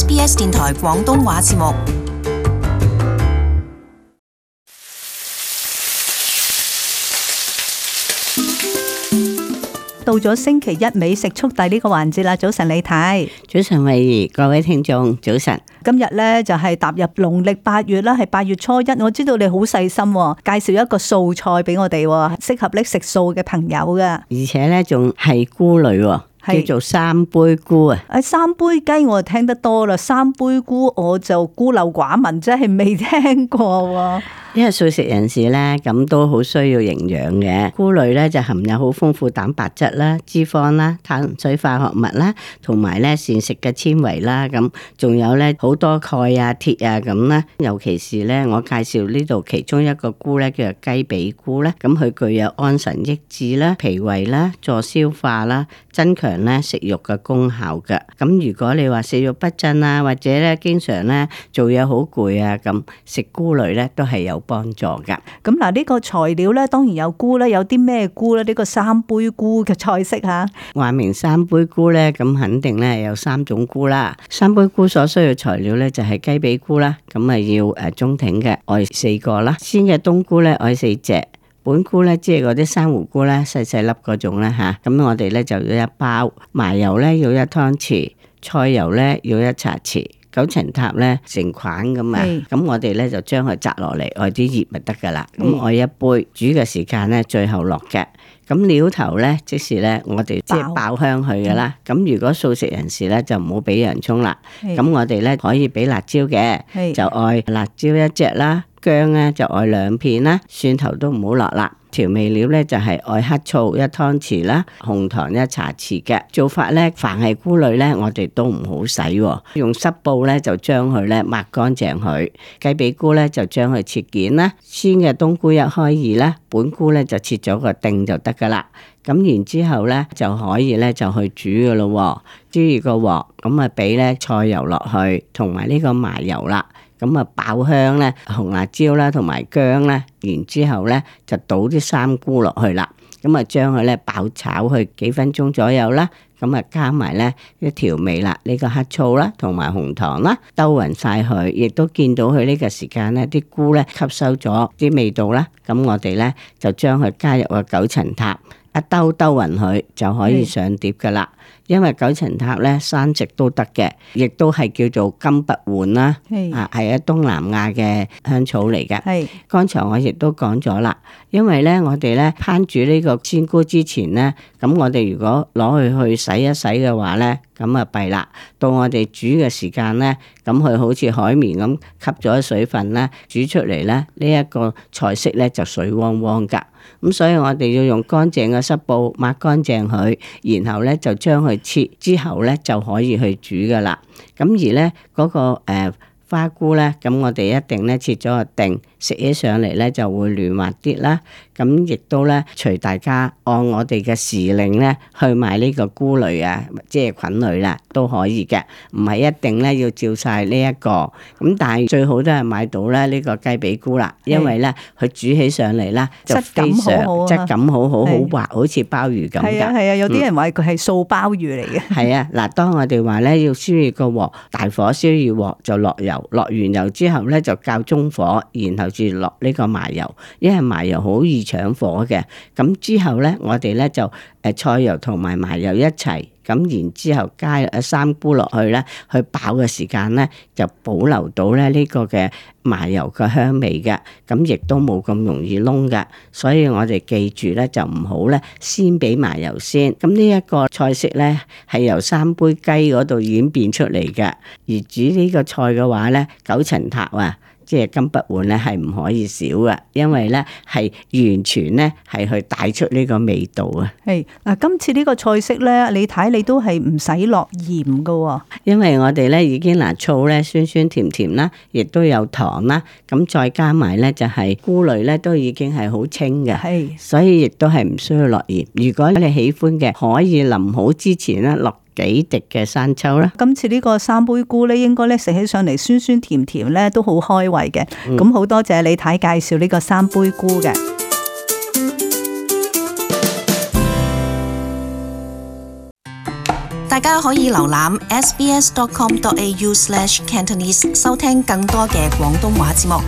SBS 電台廣東話節目，到咗星期一美食速遞呢個環節啦！早晨，李太，早晨慧怡，各位聽眾，早晨。今日呢就係踏入農曆八月啦，係八月初一。我知道你好細心，介紹一個素菜俾我哋，適合拎食素嘅朋友㗎，而且呢仲係菇類。叫做三杯菇啊。誒，三杯雞我聽得多啦，三杯菇我就孤陋寡聞，真係未聽過。因為素食人士咧，咁都好需要營養嘅菇類咧，就含有好豐富蛋白質啦、脂肪啦、碳水化合物啦，同埋咧膳食嘅纖維啦，咁仲有咧好多鈣啊、鐵啊咁啦。尤其是咧，我介紹呢度其中一個菇咧，叫做雞髀菇咧，咁佢具有安神益智啦、脾胃啦、助消化啦、增強。咧食肉嘅功效嘅，咁如果你話食肉不振啊，或者咧經常咧做嘢好攰啊，咁食菇類咧都係有幫助噶。咁嗱呢個材料咧，當然有菇啦，有啲咩菇咧？呢、這個三杯菇嘅菜式吓，話明三杯菇咧，咁肯定咧有三種菇啦。三杯菇所需要材料咧就係雞髀菇啦，咁啊要誒中挺嘅，愛四個啦，鮮嘅冬菇咧愛四隻。本菇咧，即係嗰啲珊瑚菇咧，細細粒嗰種咧吓，咁、啊、我哋咧就要一包麻油咧要一湯匙，菜油咧要一茶匙，九層塔咧成捆咁啊，咁是我哋咧就將佢摘落嚟，愛啲葉咪得噶啦，咁愛、嗯、一杯煮嘅時間咧，最後落嘅，咁料頭咧即係咧我哋即係爆香佢噶啦，咁、嗯、如果素食人士咧就唔好俾洋葱啦，咁是我哋咧可以俾辣椒嘅，是是就愛辣椒一隻啦。姜咧就愛兩片啦，蒜頭都唔好落啦。調味料咧就係愛黑醋一湯匙啦，紅糖一茶匙嘅做法咧，凡係菇類咧，我哋都唔好洗、哦，用濕布咧就將佢咧抹乾淨佢。雞髀菇咧就將佢切件啦，鮮嘅冬菇一開二啦，本菇咧就切咗個丁就得噶啦。咁然之後咧就可以咧就,就去煮噶咯。至於個鑊咁啊，俾咧菜油落去，同埋呢個麻油啦。咁啊，爆香咧，紅辣椒啦，同埋薑咧，然之後咧，就倒啲三菇落去啦。咁啊，將佢咧爆炒去幾分鐘左右啦。咁啊，加埋咧啲調味啦，呢個黑醋啦，同埋紅糖啦，兜勻晒佢，亦都見到佢呢個時間咧，啲菇咧吸收咗啲味道啦。咁我哋咧就將佢加入個九層塔。一、啊、兜兜，兜勻佢就可以上碟噶啦，是因為九層塔咧生食都得嘅，亦都係叫做金不換啦，係是啊，東南亞嘅香草嚟嘅。是剛才我亦都講咗啦，因為咧我哋咧烹煮呢攀個鮮菇之前咧。咁我哋如果攞去去洗一洗嘅話呢，咁啊弊啦。到我哋煮嘅時間呢，咁佢好似海綿咁吸咗水分啦，煮出嚟呢，呢、這、一個菜式呢就水汪汪噶。咁所以我哋要用乾淨嘅濕布抹乾淨佢，然後呢就將佢切之後呢就可以去煮噶啦。咁而呢嗰、嗰個誒、呃、花菇呢，咁我哋一定呢切咗個定，食起上嚟呢就會嫩滑啲啦。咁亦都咧，隨大家按我哋嘅時令咧去買呢個菇類啊，即係菌類啦，都可以嘅，唔係一定咧要照晒呢一個。咁但係最好都係買到咧呢個雞髀菇啦，因為咧佢煮起上嚟咧就非常質感好、啊、質感好，好滑，好似鮑魚咁。係啊係啊，有啲人話佢係素鮑魚嚟嘅。係 啊，嗱，當我哋話咧要燒熱個鑊，大火燒熱鑊就落油，落完油之後咧就較中火，然後至落呢個麻油，因為麻油好易。搶火嘅，咁之後咧，我哋咧就誒菜油同埋麻油一齊，咁然之後加誒三菇落去咧，去爆嘅時間咧就保留到咧呢個嘅麻油嘅香味嘅，咁亦都冇咁容易㶶噶，所以我哋記住咧就唔好咧先俾麻油先。咁呢一個菜式咧係由三杯雞嗰度演變出嚟噶，而煮呢個菜嘅話咧九層塔啊。即係金不換咧，係唔可以少噶，因為咧係完全咧係去帶出呢個味道啊。係嗱，今次呢個菜式咧，你睇你都係唔使落鹽噶。因為我哋咧已經嗱醋咧酸酸甜甜啦，亦都有糖啦，咁再加埋咧就係菇類咧都已經係好清嘅，係是，所以亦都係唔需要落鹽。如果你喜歡嘅，可以淋好之前咧落。幾滴嘅生抽啦。今次呢個三杯菇咧，應該咧食起上嚟酸酸甜甜咧，都好開胃嘅。咁好多謝李太介紹呢個三杯菇嘅。嗯、大家可以瀏覽 sbs.com.au/cantonese 收聽更多嘅廣東話節目。